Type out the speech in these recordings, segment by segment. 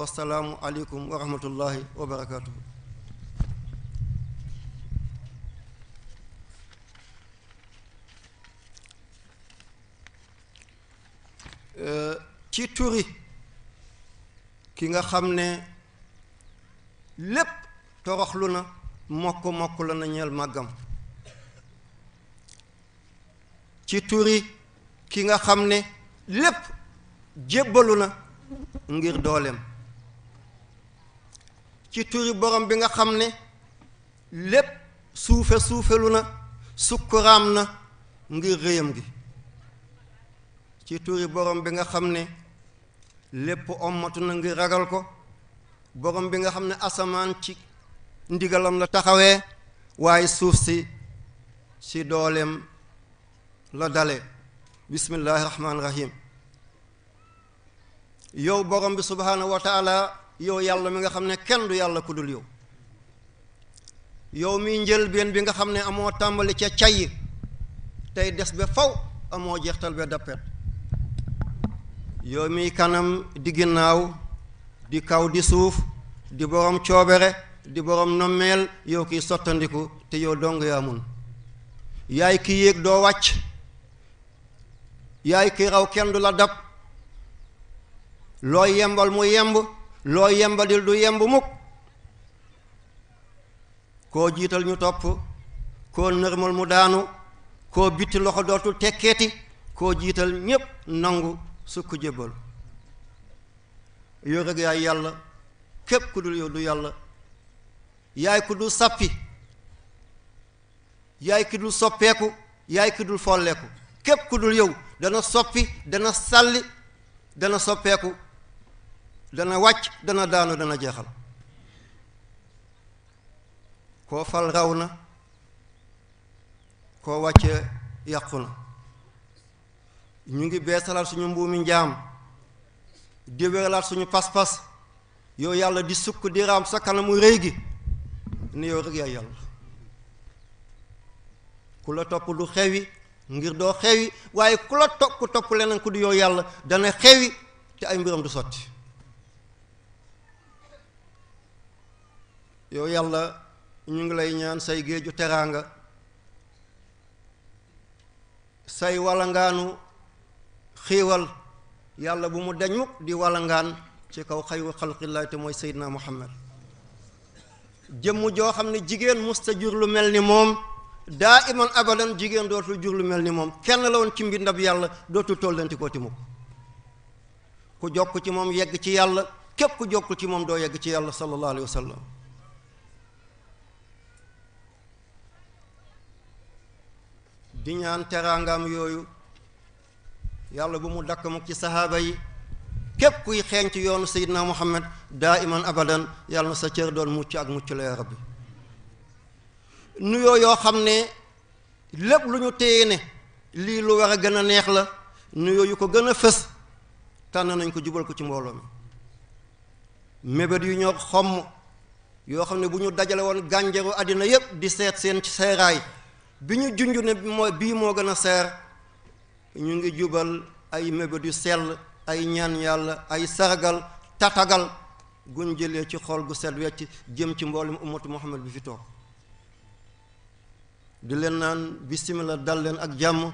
wasalaamu aleykum wa rahmatullahi ci turi ki nga xam ne lépp toroxlu na mokk mokk la na ñeel màggam ci turi ki nga xam ne lépp jébbalu na ngir dooleem ci turi borom bi nga xam ne lépp suufe suufelu na sukkuraam na ngir rëyam gi ci turi borom bi nga xam ne lépp ommatu na ngir ragal ko borom bi nga xam ne asamaan ci ndigalam la taxawee waaye suuf si ci dooleem la dale bismillaahi rahmaani rahiim yow borom bi subhaanahu yow yàlla mi nga xam ne kenn du yàlla ku dul yow yow mi njëlbeen bi nga xam ne amoo tàmbali ca cay tey des ba faw amoo jeextal ba dappet yow mi kanam di ginnaaw di kaw di suuf di borom coobere di boroom nommeel yow kiy sottandiku te yow dong yaa mun yaay ki yéeg doo wàcc yaay ki raw kenn du la dab loo yembal mu yemb loo yembadil du yemb mukk koo jiital ñu topp koo nërmal mu daanu koo bitti loxo dootul tekkeeti koo jiital ñépp nangu sukk jébbal yow yaay yàlla képp ku dul yow du yàlla yaay ku sàppi yaay ki soppeeku yaay ki folleeku képp ku dul yow dana soppi dana sàlli dana soppeeku dana wàcc dana daanu dana jeexal koo fal raw na koo wàcce yàqu na ñu ngi beesalaat suñu mbuumi njaam di wéralaat suñu pas-pas yow yàlla di sukk di raam sa kanamu rëy gi ni yow rek yaay yàlla ku la topp du xewi ngir doo xewi waaye ku la to ku topp leneen ku du yow yàlla dana xewi te ay mbiram du sotti yow yàlla ñu ngi lay ñaan say géeju teraanga say walangaanu xiiwal yàlla bu mu dañ mukk di walangaan ci kaw xayru xalqillahi te mooy seydina muhammad jëmm joo xam ne jigéen musta jur lu mel ni moom daa iman abadan jigéen dootul jur lu mel ni moom kenn la woon ci mbindab yàlla dootul tollanti ko ti mukk ku jokk ci moom yegg ci yàlla képp ku jokkul ci moom doo yegg ci yàlla sallallahu alayhi wa di ñaan teraangaam yooyu yàlla bu mu dakk mukk ci sahaaba yi képp kuy xeeñ ci yoonu seydina muhammad daa iman abadan yàlla na sa cër doon mucc ak mucc la ya rabbi nuyoo yoo xam ne lépp lu ñu téye ne lii lu war a gën a neex la nuyoo yu ko gën a fës tànn nañ ko jubal ko ci mbooloo mi mébét yu ñoo xomm yoo xam ne bu ñu dajale woon gànjaru àddina yépp di seet seen seeraay bi ñu junj ne mooy bii moo gën a seer ñu ngi jubal ay mébét yu sell ay ñaan yàlla ay sargal tatagal guñ jëlee ci xool gu set wecc jëm ci mboolem ummatu muhammad bi fi toog di leen naan bisimila dal leen ak jàmm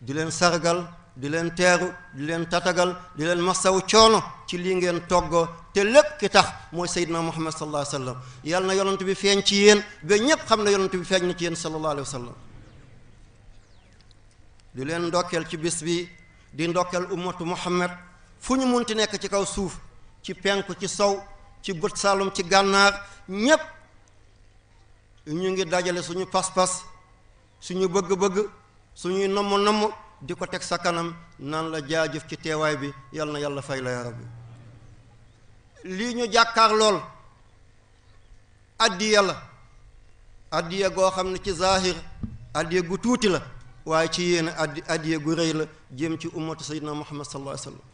di leen sargal di leen teeru di leen tatagal di leen masaw coono ci lii ngeen toggoo te lépp ki tax mooy seydina muhammad sallallahu alayhi wa sallam yàlla na yonent bi feeñ ci yéen ba ñépp xam na yonent bi feeñ na ci yéen sallallahu alayhi wa di leen ndokkeel ci bis bi di ndokkeel umatu muhammad fu ñu munti nekk ci kaw suuf ci penku ci sow ci bët saalum ci gànnaar ñépp ñu ngi dajale suñu pas-pas suñu bëgg-bëgg suñuy nomm nomm di ko teg sa kanam naan la jaajëf ci teewaay bi yàlla na yàlla fay la ya rabbi lii ñu jàkkaar lool addiya la addiya goo xam ne ci zaahir addiya gu tuuti la waaye ci yéen addi addiya gu rëy la jéem ci ummatu sayyidina muhammad sallallahu alayhi wasallam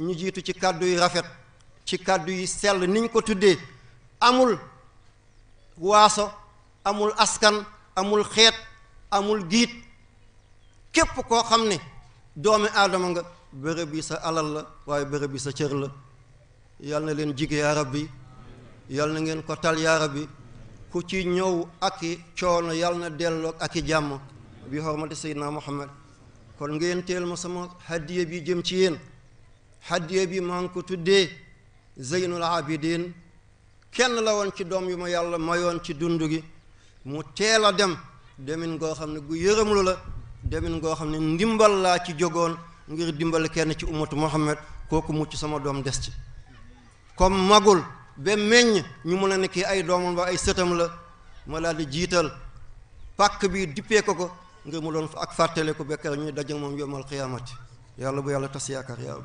ñu jiitu ci kàddu yu rafet ci kàddu yi sell niñ ko tuddee amul waaso amul askan amul xeet amul giit képp koo xam ne doomi aadama nga bërëb bi sa alal la waaye bërëb yi sa cër la yal na leen jig yaa bi yal na ngeen ko tal yaa bi ku ci ñëw ak coono yal na ak i jàmm bi hormati seydina muhammad kon ngeen teel ma sama hadiya bi jëm ci yéen hadiya bi maa ngi ko tuddee zeynul abidin kenn la woon ci doom yu ma yàlla mayoon ci dund gi mu teel a dem demin ngoo xam ne gu yërëmlu la demin ngoo xam ne ndimbal laa ci jógoon ngir dimbal kenn ci umatu Muhammad kooku mucc sama doom des ci comme magul ba meññ ñu mën a ne ay doomam ba ay sëtam la ma daal di jiital pàkk bi dippee ko ko ngir mu doon ak fàttale ko bekkar ñuy daje moom yomal xiyaamati yàlla bu yàlla tas yaakaar yàlla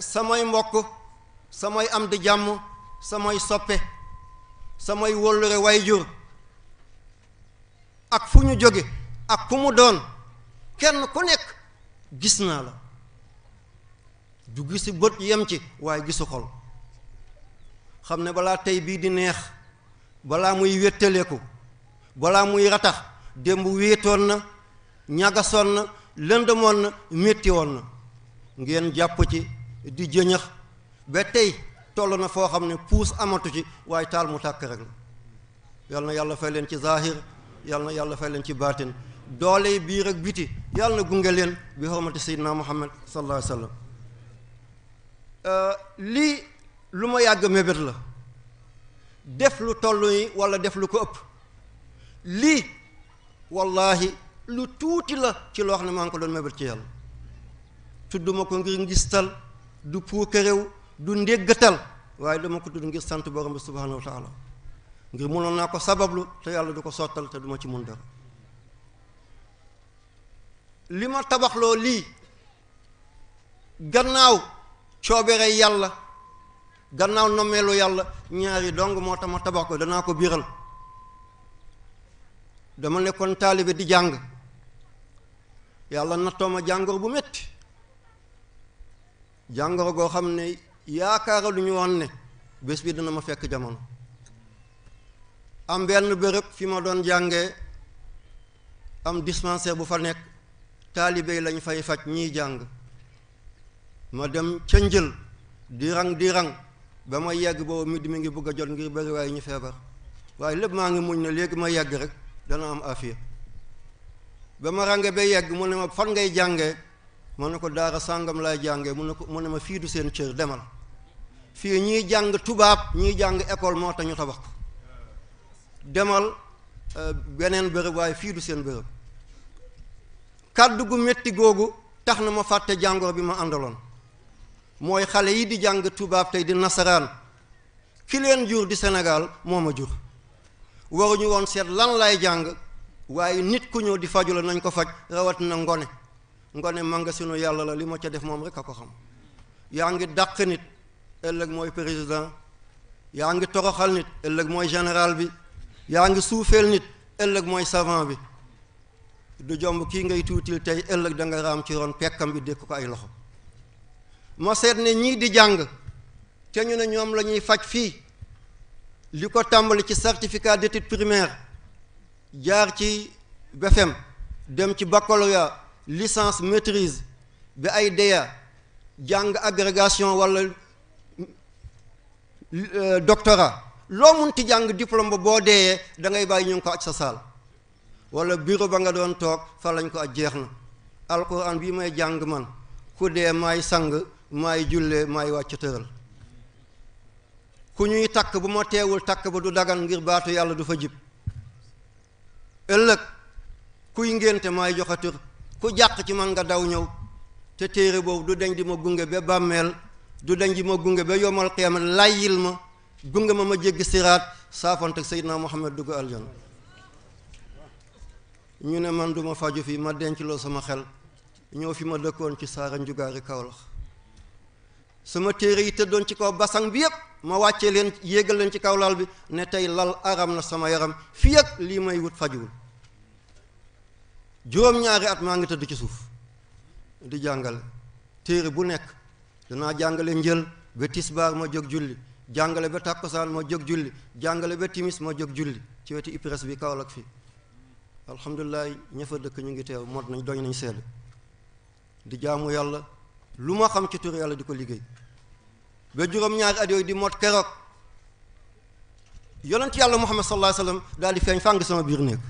samay mbokk samay am di jàmm samay soppe samay wóllure wayjur ak fu ñu jóge ak ku mu doon kenn ku nekk gis naa la du gisu bët yem ci waaye gisu xol xam ne balaa tey bii di neex balaa muy wéttaleeku balaa muy ratax démb wéetoon na ñagasoon na lëndëmoon na métti na ngeen jàpp ci di jëñëx ba tey toll na foo xam ne puus amatu ci waaye taal mu tàkk rek la yal yàlla fay leen ci zaahir yal na yàlla fay leen ci baatin doole biir ak biti yàlla na gunge leen bi xormati seydina muhammad sallallahu alayhi euh, lii lu ma yàgg mébét la def lu toll yi wala def lu ko ëpp lii wallaahi lu tuuti la ci loo xam ne maa ngi ko doon mébét ci yàlla tudduma ko ngir ngistal du puukaréew du ndéggatal waaye dama ko tudd ngir sant borom bi subhaanahu wa taala ngir mënoon naa ko sabablu te yàlla du ko sottal te duma ci mun dara li ma tabaxloo lii gannaaw coobere yàlla gannaaw nommeelu yàlla ñaari dong moo tax ma tabax ko danaa ko biiral dama nekkoon taalibe di jàng yàlla nattoo ma jàngoro bu metti jàngoro goo xam ne yaakaara lu won ne bés bi dana ma fekk jamono am benn bërëb fi ma doon jàngee am dispensaire bu fa nekk taalibe yi lañ fay faj ñiy jàng ma dem ca njël di rang di rang ba ma yegg boobu midi mi ngi bëgg a jot ngir bëri waaye ñu feebar waaye lépp maa ngi mu ne léegi ma yegg rek dana am afiya ba ma rànge ba yegg mu ne ma fan ngay jàngee ma ne ko daara sàngam laay jàngee mu ne ko mu ne ma fii du seen cër demal fii ñuy jàng tubaab ñuy jàng école moo tax ñu tabax ko demal euh, beneen bërëb waaye fii du seen bërëb kàddu gu metti googu tax na ma fàtte jàngoor bi ma àndaloon mooy xale yi di jàng tubaab tey di nasaraan ki leen jur di Sénégal moo ma jur waruñu woon seet lan lay jàng waaye nit ku ñëw di faju la nañ ko faj rawat na ngone ngone manga yàlla la li ma ca def moom rek a ko xam yaa ngi dàq nit ëllëg mooy président yaa ngi toroxal nit ëllëg mooy général bi yaa ngi suufeel nit ëllëg mooy savant bi du jomb kii ngay tuutil tey ëllëg da nga raam ci ron pekkam bi dékk ko ay loxo ma seet ne ñii di jàng te ñu ne ñoom la ñuy faj fii li ko tàmbali ci certificat d'études primaires jaar ci BFEM dem ci baccalauréat licence maîtrise bi ay DEA jàng agrégation wala euh, doctorat loo mun ti jàng diplôme ba boo deeyee dangay bàyyi ñu ngi ko aj sa saal wala bureau ba nga doon toog fa lañ ko aj jeex na alquran bii may jàng man ku dee maay sang maay jullee may wàcc tëral ku ñuy takk bu ma teewul takk ba du dagan ngir baatu yàlla du fa jib ëllëg kuy ngénte maay joxe tur ku jàq ci man nga daw ñëw te téere boobu du dañ di ma gunge ba bàmmeel du dañ di ma gunge ba yomal xiyaama làyyil ma gunge ma ma jéggi siraat saafante ak Seydina Muhammad dugg aljana ñu ne man duma faju fi ma denc loo sama xel ñëw fi ma dëkkoon ci saara njugaari Kawlax sama téere yi tëddoon ci kaw basang bi yépp ma wàccee leen yéegal leen ci kaw laal bi ne tey lal aram na sama yaram fii ak lii may wut fajuwul juróom-ñaari at maa ngi tëdd ci suuf di jàngale téere bu nekk danaa jàngale njël ba tisbaar ma jóg julli jàngale ba tàkkusaan ma jóg julli jàngale ba timis ma jóg julli ci wetu IPRES bi Kaolack fii alhamdulilah ña dëkk ñu ngi teew mot nañ doy nañ seede di jaamu yàlla lu ma xam ci tur yàlla di ko liggéey ba juróom-ñaari at yooyu di mot keroog yonent yàlla Muhammad sallallahu alayhi wasallam daal di feeñ fàng sama biir néeg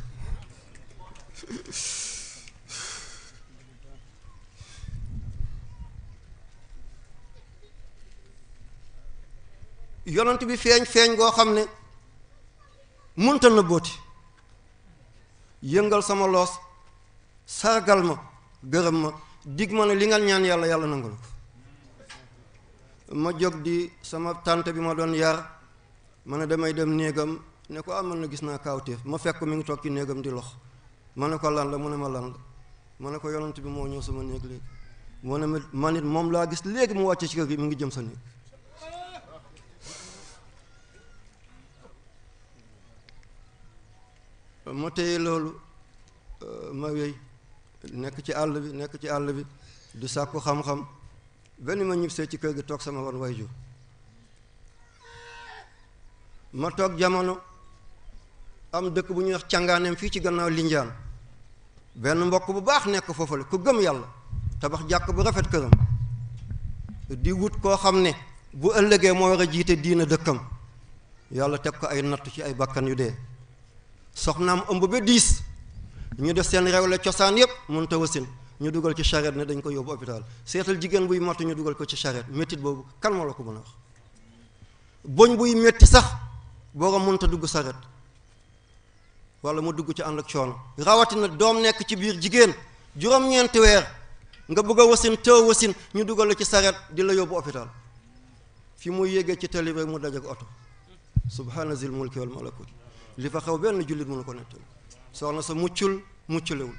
yonent bi feeñ feeñ goo xam ne munta na booti yëngal sama loos sargal ma gërëm ma dig ma ne li nga ñaan yàlla yàlla nangu na ko ma jóg di sama tante bi ma doon yar ma ne damay dem néegam ne ko amal ah, na gis naa kaawteef ma fekk mi ngi toog ki néegam di lox ma ne ko lan la mu ne ma lan la ma ne ko yonent bi moo ñëw sama néeg léegi moo ne ma man it moom laa gis léegi mu wàcce ci kër gi mu ngi jëm sa néeg ma téye loolu euh, ma wéy nekk ci àll bi nekk ci àll bi du sàkku xam-xam benn ma ñibbisee ci kër gi toog sama wan way ju ma toog jamono am dëkk bu ñuy wax càngaaneem fii ci gannaaw linjaan benn mbokk bu baax nekk foofu la ku gëm yàlla tabax jàkk bu rafet këram di wut koo xam ne bu ëllëgee moo war a jiite diina dëkkam yàlla teg ko ay natt ci ay bakkan yu dee soxnaam ëmb ba diis ñu def seen rewle cosaan yépp mun ta wasin ñu dugal ci charrette ne dañ ko yóbbu hôpital seetal jigéen buy mott ñu dugal ko ci charrette méttit boobu kan moo la ko mën a wax boñ buy metti sax boo ko mënta dugg charrette wala mu dugg ci ànd ak coono rawatina doom nekk ci biir jigéen juróom-ñeenti weer nga bëgg a wasin tëw wasin ñu dugal ci charrette di la yóbbu hôpital fi mu yéegee ci tali rek mu dajak oto subhaana mulki wal malakut li fa xew benn jullit mënu ko nettali soxna sa muccul mucculewul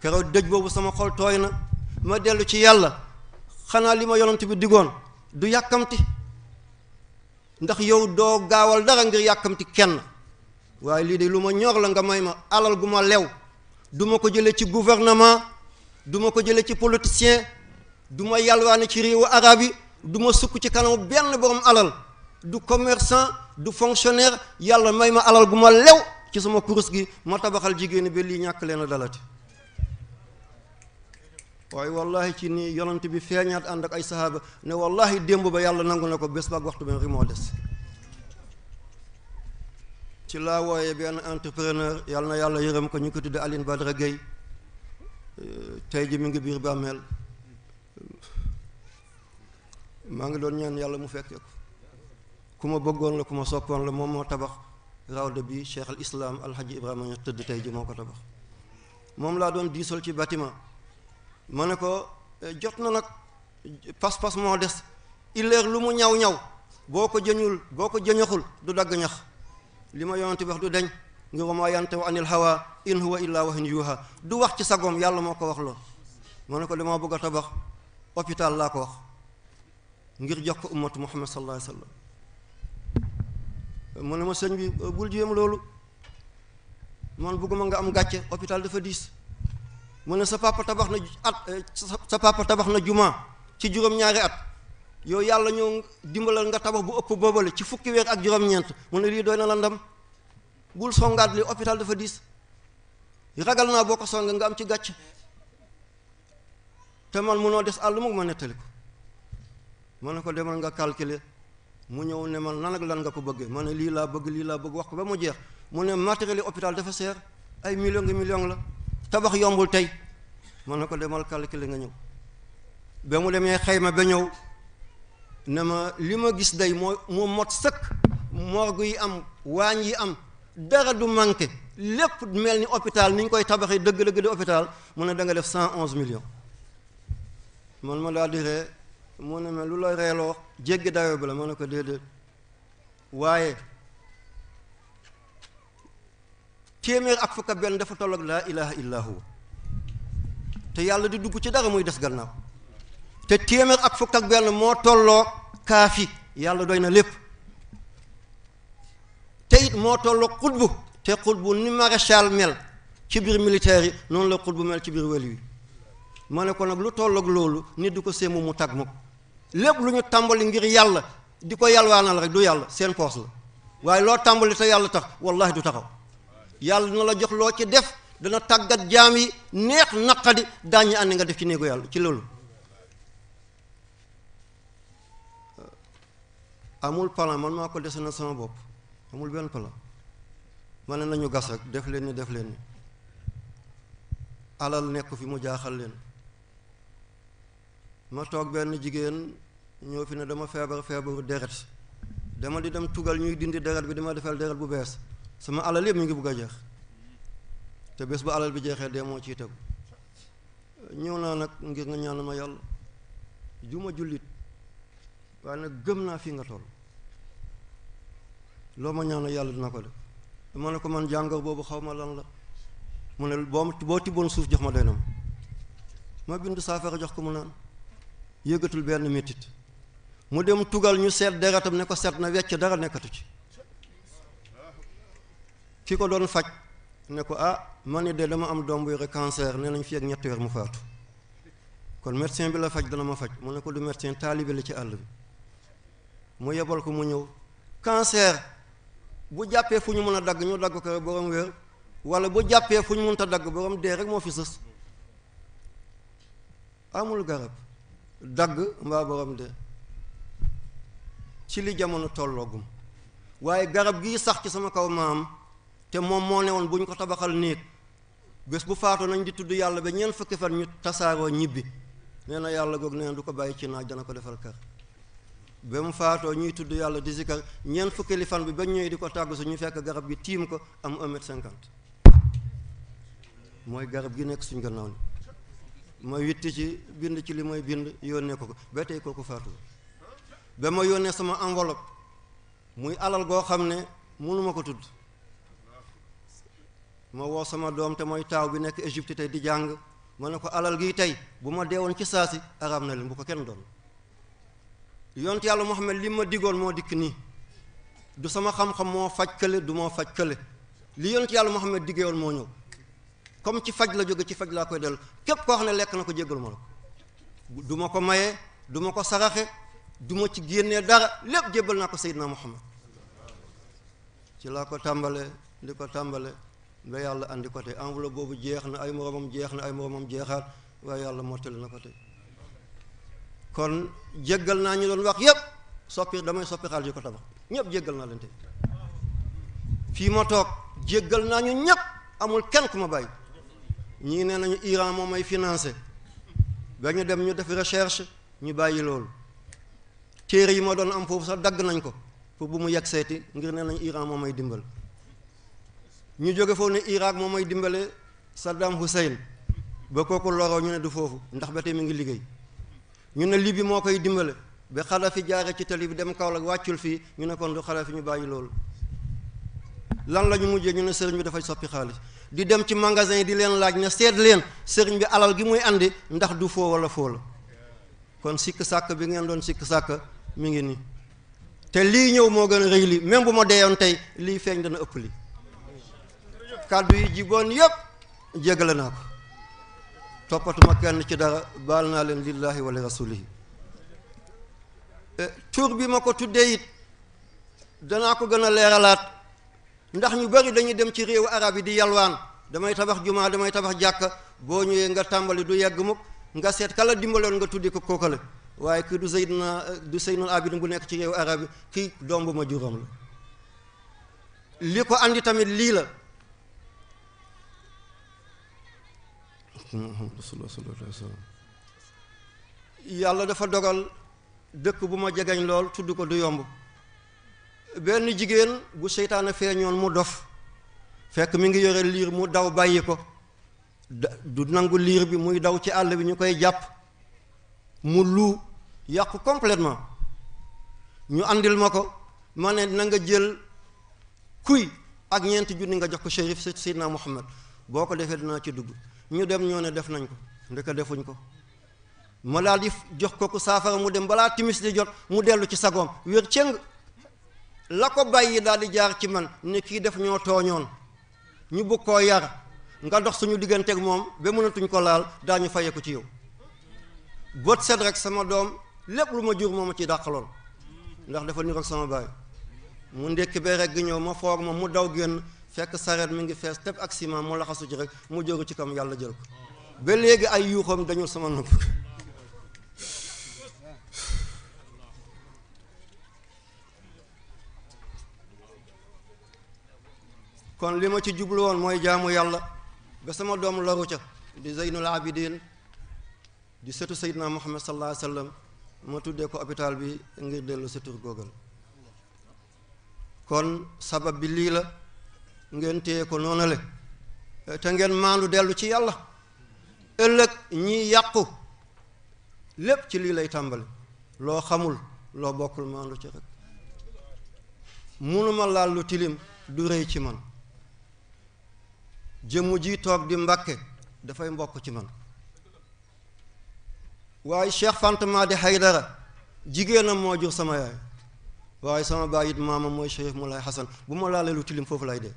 keroog dëj boobu sama xol tooy na ma dellu ci yàlla xanaa li ma yonent bi digoon du yàkkamti ndax yow doo gaawal dara ngir yàkkamti kenn waaye lii de lu ma ñor la nga may ma alal gu ma lew duma ko jële ci gouvernement duma ko jëlee ci politicien du ma yàlwaane ci réewu arab yi duma ma sukk ci kanamu benn borom alal du commerçant du fonctionnaire yàlla may ma alal gu ma lew ci sama kurus gi ma tabaxal jigéeni ba lii ñàkk leen a dalati waaye wallahi ci nii yonent bi feeñaat ànd ak ay sahaaba ne wallahi démb ba yàlla nangu na ko bés ba ak waxtu benn moo des ci laa wooyee benn entrepreneur yàlla na yàlla yërëm ko ñu ko tudde Aline Badara Gueye euh, tey ji mi ngi biir bàmmeel maa ngi doon ñaan yàlla mu fekkee ko ku ma bëggoon la ku ma soppoon la moom moo tabax rawda bi cheikh al islam alhaji ibrahima ña tëdd tey ji moo ko tabax moom laa doon diisal ci bâtiment ma ne ko eh, jot na nag pas-pas moo des illeer lu mu ñaw ñaw boo ko jëñul boo ko jëñaxul du dagg ñax li ma yonent bi wax du deñ ngir wa maa yantahu anil hawa in huwa illaa wahyun yuuhaa du wax ci sagoom yàlla moo ko wax loo moo ne ko damaa bëgg a tabax hôpital laa ko wax ngir jox ko ummatu muhammad sallallahu alayhi mu ne ma sëñ bi euh, bul jéem loolu man bëgguma nga am gàcce hôpital dafa diis mu ne sa papa tabax na at euh, sa papa tabax na juma ci juróom-ñaari at yow yàlla ñëw dimbalal nga tabax bu ëpp boobale ci fukki weer ak juróom-ñeent mu ne lii doy na la ndam bul songaat li hôpital dafa diis ragal naa boo ko songa nga am ci gàcce te man munoo des àll mu ma nettali ko ma ne ko demal nga calculer mu ñëw ne man nan ak lan nga ko bëggee man ne lii laa bëgg lii laa bëgg wax ko ba mu jeex mu ne matériel hôpital dafa seer ay million ngi million la tabax yombul tey ma nga ko demal calculer nga ñëw ba mu demee xayma ba ñëw ne ma li ma gis day moo moo mot sëkk morgue yi am waañ yi am dara du manqué lépp mel ni hôpital ni koy tabaxee dëgg-dëgg di hôpital mu ne da def cent onze millions man ma daal di ree mu ne ma lu la reeloo jéggi dayo bi la ma ne ko déedéet waaye téeméer ak fukk ak benn dafa toll laa ilaha illa huwa te yàlla di dugg ci dara muy des gannaaw te téeméer ak fukk ak benn moo tolloo kaafi yàlla doy na lépp te moo tolloo xutbu te xutbu ni maréchal mel ci biir militaire yi noonu la xutbu mel ci biir wël wi ma ne ko nag lu tollook loolu nit du ko séemu mu tag ma ko lépp lu ñu tàmbali ngir yàlla di ko yàlwaanal rek du yàlla seen poos la waaye loo tàmbali te yàlla tax wallahi du taxaw yàlla na la jox loo ci def dana tàggat jaam yi neex naqadi daañu ànd nga def ci néegu yàlla ci loolu euh, amul plan man maa ko na sama bopp amul benn plan ma ne nañu gas rek def leen ni def leen ni alal nekku fi mu jaaxal leen ma toog benn jigéen ñëw fi ne dama feebar feebaru deret dama di dem tugal ñuy dindi deret bi dama defal deret bu bees sama alal yëpp mu ngi bugg a jeex te bés bu alal bi jeexee dee moo ciy tegu ñëw naa nag ngir nga ñaanal ma yàlla juma jullit waaye nag gëm naa fii nga toll loo ma ñaanal yàlla dina ko def ma ne ko man jàngoor boobu xaw ma lan la mu ne boo tibboon suuf jox ma doy na ma ma bind saafara jox ko mu naan yëgatul benn mettit mu dem tugal ñu seet deretam ne ko seet na wecc dara nekkatu ci ki ko doon faj ne ko ah man de dama am doom buy rek ne nee nañ fi ak ñetti weer mu faatu kon médecin bi la faj dana ma faj mu ne ko du médecin taalibe la ci àll bi mu yebal ko mu ñëw cancer bu jàppee fu ñu mën a dagg ñu dagg ko rek borom wér wala bu jàppee fu ñu a dagg borom dee rek moo fi sës amul garab dagg mbaa borom dee ci li jamono tolloogum waaye garab gii sax ci sama kaw maam te moom moo ne woon bu ñu ko tabaxal néeg bés bu faatoo nañ di tudd yàlla ba ñeent fukki fan ñu tasaaroo ñibbi nee na yàlla goog nee na du ko bàyyi ci naaj dana ko defal kër ba mu faatoo ñuy tudd yàlla di zikar ñeent fukki li fan bi ba ñëwee di ko tàggu su ñu fekk garab gi tiim ko am un mètre cinquante mooy garab gi nekk suñ gannaaw ni ma witti ci bind ci li mooy bind yónnee ko ko ba tey kooku faatu ba ma yónnee sama enveloppe muy alal goo xam ne mënuma ko tudd ma woo sama doom te mooy taaw bi nekk Égypte tey di jàng ma ne ko alal gii tey bu ma deewoon ci saasi araam na leen bu ko kenn doon yont yàlla Muhammad li ma digoon moo dikk nii du sama xam-xam moo faj kële du moo faj kële li yont yàlla Muhammad diggewoon moo ñëw comme ci faj la jóge ci faj laa koy dellu képp koo xam ne lekk na ko jéggal ma la ko du ko maye du ko saraxe du ma ci génnee dara lépp jébbal naa ko Seydina Muhammad ci laa ko tàmbale li ko tàmbale ba yàlla andi ko tey enveloppe boobu jeex na ay moromam jeex na ay moromam jeexaat waaye yàlla mottali na ko tey kon jéggal naa ñu doon wax yépp soppi damay soppi xaalis yi ko tabax ñépp jéggal naa leen tey fii ma toog jéggal naa ñu ñépp amul kenn ku ma bàyyi ñii nee nañu Iran moo may financé ba ñu dem ñu def recherche ñu bàyyi loolu téere yi ma doon am foofu sax dagg nañ ko pour bu mu yegg seeti ngir ne nañ Iran moo may dimbal ñu jóge foofu ne Irak moo may dimbale Saddam Hussein ba kooku loroo ñu ne du foofu ndax ba tey mi ngi liggéey ñu ne Libye moo koy dimbale ba Kadhafi jaare ci tali bi dem Kaolack wàccul fii ñu ne kon du Kadhafi ñu bàyyi loolu lan la ñu mujjee ñu ne sëriñ bi dafay soppi xaalis di dem ci magasin yi di leen laaj ne seet leen sëriñ bi alal gi muy andi ndax du foo wala foo bi ngeen doon sikk sàkk mi ngi nii te lii ñëw moo gën a rëy lii même bu ma deeyoon tey lii feeñ dana ëpp lii kàddu yi jiboon yëpp jégale naa ko toppatuma kenn ci dara baal naa leen lillahi wa li rasulihi eh, tur bi ma ko tuddee it danaa ko gën a leeralaat ndax ñu bari dañuy dem ci réewu arab yi di yalwaan damay tabax jumaa damay tabax jàkka boo ñëwee nga tàmbali du yegg mukk nga seet kala dimbaloon nga tuddi ko kookale waaye kii du Seydina du Seynul Abidin bu nekk ci réewu arab yi kii doom bu ma juróom la li ko andi tamit lii la yàlla dafa dogal dëkk bu ma jegeñ lool tudd ko du yomb benn jigéen bu seytaane feeñoon mu dof fekk mi ngi yore liir mu daw bàyyi ko du nangu liir bi muy daw ci àll bi ñu koy jàpp mu lu yàqu completement ñu andil ma ko ma ne na nga jël kuy ak ñeenti junni nga jox ko shérif Seydina Muhammad boo ko defee dinaa ci dugg ñu dem ñoo ne def nañ ko ndeka defuñ ko ma daal di jox ko ku saafara mu dem balaa timis di jot mu dellu ci sagoom wér cëng la ko bàyyi daal di jaar ci man ne kii def ñoo tooñoon ñu bëgg koo yar nga dox suñu digganteeg moom ba mënatuñ ko laal ñu fayee ko ci yow bët set rek sama doom lépp lu ma jur moom ma ci dàqaloon ndax dafa niroog sama baay mu ndékki ba rek ñëw ma foog ma mu daw génn fekk sareet mi ngi fees teb ak ciment mu laxasu ci rek mu jógu ci kam yàlla jël ko ba léegi ay yuuxam dañul sama nopp kon li ma ci jublu woon mooy jaamu yàlla ba sama doom loru ca di Zeynul Abidin di setu Seydina Muhammad sallallahu alayhi wa sallam ma tuddee ko hôpital bi ngir dellu setur googal kon sabab bi lii la ngeen téye ko noonale te ngeen maandu dellu ci yàlla ëllëg ñi yàqu lépp ci lii lay tàmbali loo xamul loo bokkul maandu ci rek munuma laal lu tilim du rëy ci man jëmm ji toog di mbàkke dafay mbokk ci man waaye Cheikh Fanta Madi Haydara jigéenam moo jur sama yaay waaye sama baay it maama mooy Cheikh Moulay Hassan bu ma laalee lu tilim foofu lay dee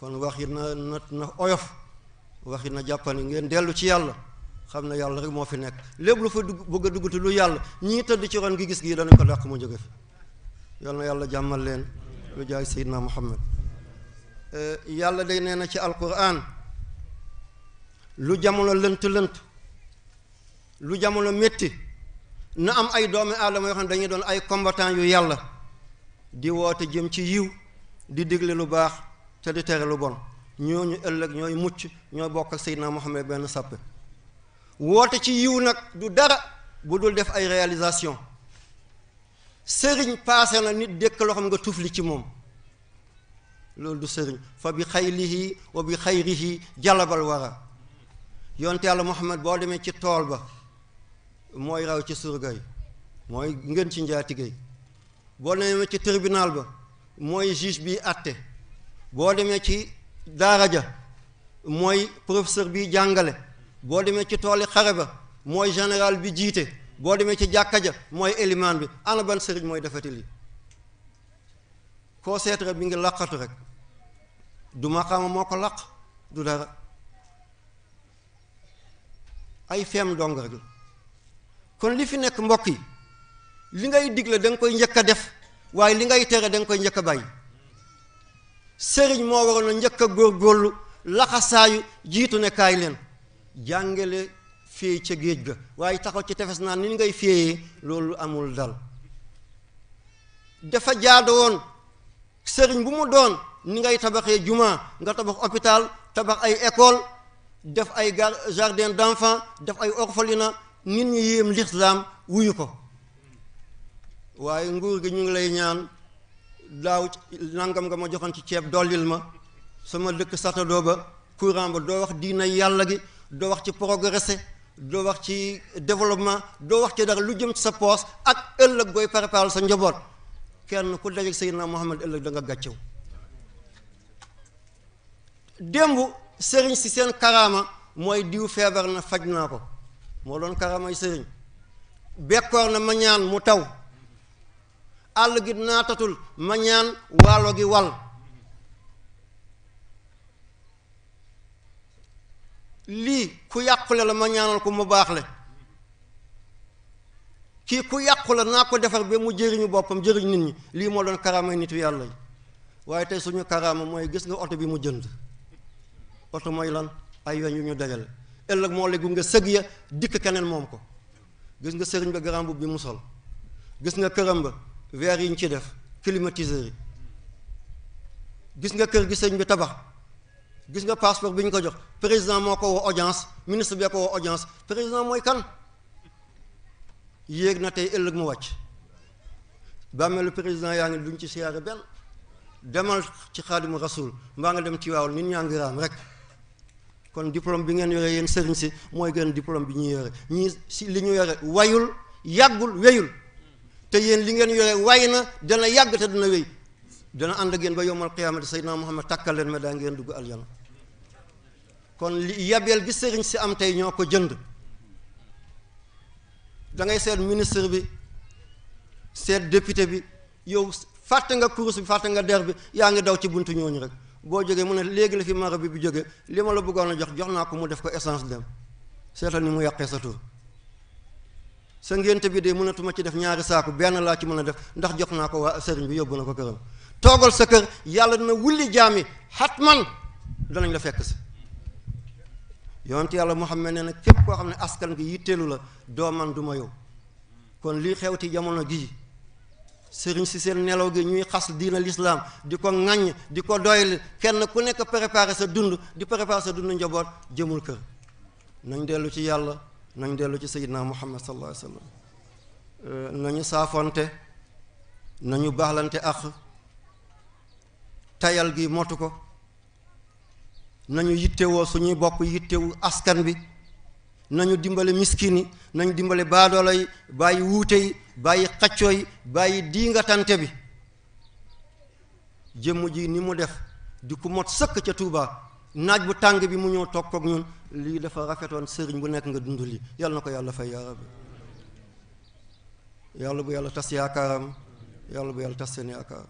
kon wax it na na na oyof wax it na jàppani ngeen dellu ci yàlla xam na yàlla rek moo fi nekk lépp lu fa dugg bëgg a duggati lu yàlla ñii tëdd ci ron gi gis gii danañ ko dàq mu jóge fi yal yàlla jàmmal leen lu jaay Seydina Muhammad eh, yàlla de nee na ci alquran lu jamono lënt lënt lu jamono métti na am ay doome aadama yoo xam ne dañuy doon ay combattant yu yàlla di woote jëm ci yiw di digle lu baax te di tere lu bon ñooñu ëllëg ñooy mucc ñoo bokk ak Seydina Muhammad benn sàppe woote ci yiw nag du dara bu dul def ay réalisation sëriñ paase na nit dëkk loo xam nga li ci moom loolu du sëriñ fa bi xaylihi wa bi xayrihi jalabal wara yonte yàlla Muhammad boo demee ci tool ba mooy raw ci surga yi mooy ngeen ci njaatige yi boo demee ci tribunal ba mooy juge bi àtte boo demee ci daara ja mooy professeur biy jàngale boo demee ci tooli xare ba mooy général bi jiite boo demee ci jàkka ja mooy éliment bi ana sëriñ mooy defati lii koo seet rek mi ngi laqatu rek du maqaama moo ko laq du dara ay feem dong rek kon li fi nekk mbokk yi li ngay digle danga koy njëkk a def waaye li ngay tere da nga koy njëkk a bàyyi sëriñ moo waroon a njëkk a góorgóorlu laxasaayu jiitu ne leen jàngale fii ca géej ga waaye taxaw ci tefes naa ni ngay féeyee loolu amul dal dafa jaado woon sëriñ bu mu doon ni ngay tabaxee jumaa nga tabax hôpital tabax ay école def ay gar jardin d'enfants def ay orphelinat nit ñi yéem lislaam wuyu ko waaye nguur gi ñu ngi lay ñaan daaw nangam nga ma joxoon ci ceeb dollil ma sama dëkk satadoo ba courant ba doo wax diina yàlla gi doo wax ci progressé doo wax ci développement doo wax ci dara lu jëm ci sa poos ak ëllëg booy préparer sa njaboot kenn ku dajeek Seydina Muhammad ëllëg da nga gàccew démb sëriñ si seen karaama mooy diw feebar na faj naa ko moo doon karamay sëriñ bekkoor na ma ñaan mu taw àll gi naatatul ma ñaan waalo gi wal lii ku yàqule la ma ñaanal ko mu baax le kii ku yàqu la naa ko defar ba mu jëriñu boppam jëriñ nit ñi lii moo doon karaamay nitu yàlla yi waaye tey suñu karaama mooy gis nga oto bi mu jënd oto mooy lan ay yoon yu ñu dajale ëllëg moo lay gunge sëg ya dikk keneen moom ko gis nga sëriñ ba garambu bi mu sol gis nga këram ba verre yi ñu ci def climatiseur yi gis nga kër gi sëriñ bi tabax gis nga passeport bi ñu ko jox président moo ko woo audience ministre bi ko woo audience président mooy kan yéeg na tey ëllëg mu wàcc bàmmeelu président yaa ngi duñ ci siyaare benn demal ci xaadimu rasul mbaa nga dem ci waaw nit ñaa ngi rek kon diplôme bi ngeen yore yéen sëriñ si mooy gën diplôme bi ñuy yore ñii si li ñu yore wayul yàggul weyul te yéen li ngeen yore way na dana yàgg te dana wéy dana ànd ak yéen ba yomal qiyaamati sayyidina Muhammad takkal leen ma daa ngeen dugg aljana kon li yabeel gi sëriñ si am tey ñoo ko jënd da ngay seet ministre bi seet député bi yow fàtte nga kurus bi fàtte nga der bi yaa ngi daw ci buntu ñooñu rek boo jógee mu ne léegi la fi mara bi bu jóge li ma la bëggoon a jox jox naa ko mu def ko essence dem seetal ni mu yàqee sa tur sa ngénte bi de mënatuma ci def ñaari saaku benn laa ci mën a def ndax jox naa ko waa sëriñ bi yóbbu na ko këram toogal sa kër yàlla dina wulli jaami man danañ la fekk si yonent yàlla xam Muhammad ne na képp koo xam ne askan gi yitteelu la doo man du ma yow kon lii xewti jamono gii sëriñ si seen nelaw gi ñuy xas diina lislaam di ko ŋaññ di ko doyli kenn ku nekk préparer sa dund di préparer sa dund njaboot jëmul kër nañ dellu ci yàlla nañ dellu ci sayyidina muhammad sallallahu alayhi wasallam euh, nañu saafonte nañu baaxlante ak tayal gi motu ko nañu yittewoo suñuy bokk yittewu askan bi nañu dimbale miskin yi nañu dimbale baadoolo yi bàyyi wuute yi bàyyi xaccoo yi bàyyi diingatante bi jëmm ji ni mu def di ku mot sëkk ca Touba naaj bu tàng bi mu ñëw toog kook ñun lii dafa rafetoon sëriñ bu nekk nga dund lii yàlla na ko yàlla fay yaa rabbi yàlla bu yàlla tas yaakaaram yàlla bu yàlla tas seen yaakaar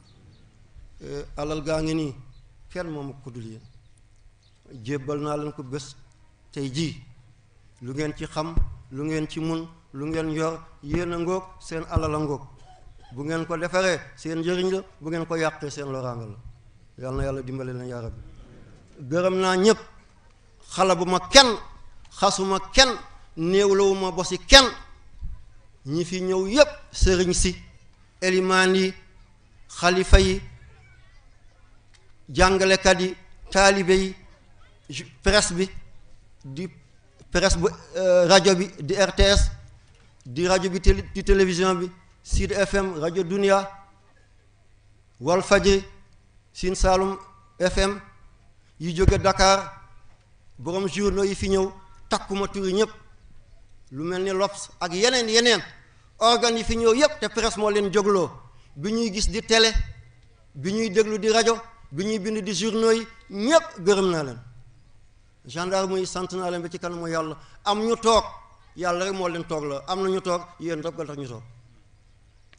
eh, alal gaa ngi nii kenn moom ko dul yéen jébbal naa leen ko bés tey jii lu ngeen ci xam lu ngeen ci mun lu ngeen yor yéen a seen alal a bu ngeen ko defaree seen njëriñ la bu ngeen ko yàqee seen loraanga la yal na yàlla dimbale leen yaa bi gërëm naa ñépp xala bu ma kenn xasuma kenn néewlawu ma bosi kenn ñi fi ñëw yépp sëriñ si elimaan yi xalifa yi jàngalekat yi taalibe yi presse bi di presse bu euh, rajo bi di RTS di rajo bi télé di télévision bi Sud FM rajo duniya Walf Fadjri Sine Saloum FM yu jóge Dakar boroom journaux yi fi ñëw takkuma turi ñëpp lu mel ni L'Obs ak yeneen yeneen organes yi fi ñëw yëpp te presse moo leen jógloo bi ñuy gis di tele bi ñuy déglu di rajo bi ñuy bind di journaux yi ñëpp gërëm naa leen gendarme yi sant naa leen ba ci kanamu yàlla am ñu toog yàlla rek moo leen toog la am na ñu toog yéen rab ga tax ñu toog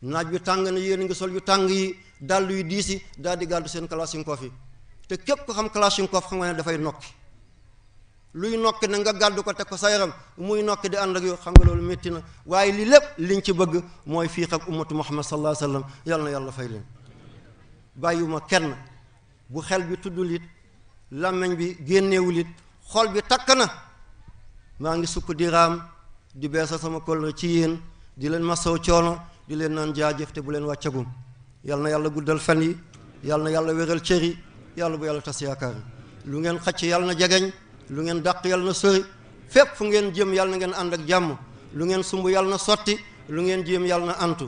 naaj bi tàng na yéen ngi sol yu tàng yi dàll yu diis yi daal di gàddu seen kalashnikov yi te képp ko xam kalashnikov xam nga ne dafay nokki luy nokki na nga gàddu ko teg ko sa yaram muy nokki di ànd ak yow xam nga loolu métti na waaye lii lépp liñ ci bëgg mooy fii xam ummatu muhammad sallallahu alayhi wasallam yàlla na yàlla fay leen ma kenn bu xel bi tuddul it làmmiñ bi génnewul xol bi takk na maa ngi sukk di raam di beesal sama kóllëre ci yéen di leen masaw coono di leen naan jaajëf te bu leen wàccagum yàlla na yàlla guddal fan yi yàlla na yàlla wéral cër yàlla bu yàlla tas yaakaar yi lu ngeen xacc yàlla na jegeñ lu ngeen dàq yàlla na sori fépp fu ngeen jëm yàlla na ngeen ànd ak jàmm lu ngeen sumb yàlla na sotti lu ngeen jéem yàlla na àntu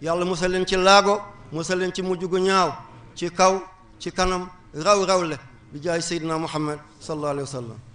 yàlla musal leen ci laago musal leen ci mujj gu ñaaw ci kaw ci kanam raw raw le bi jaay seydina muhammad sallallahu alayhi wa sallam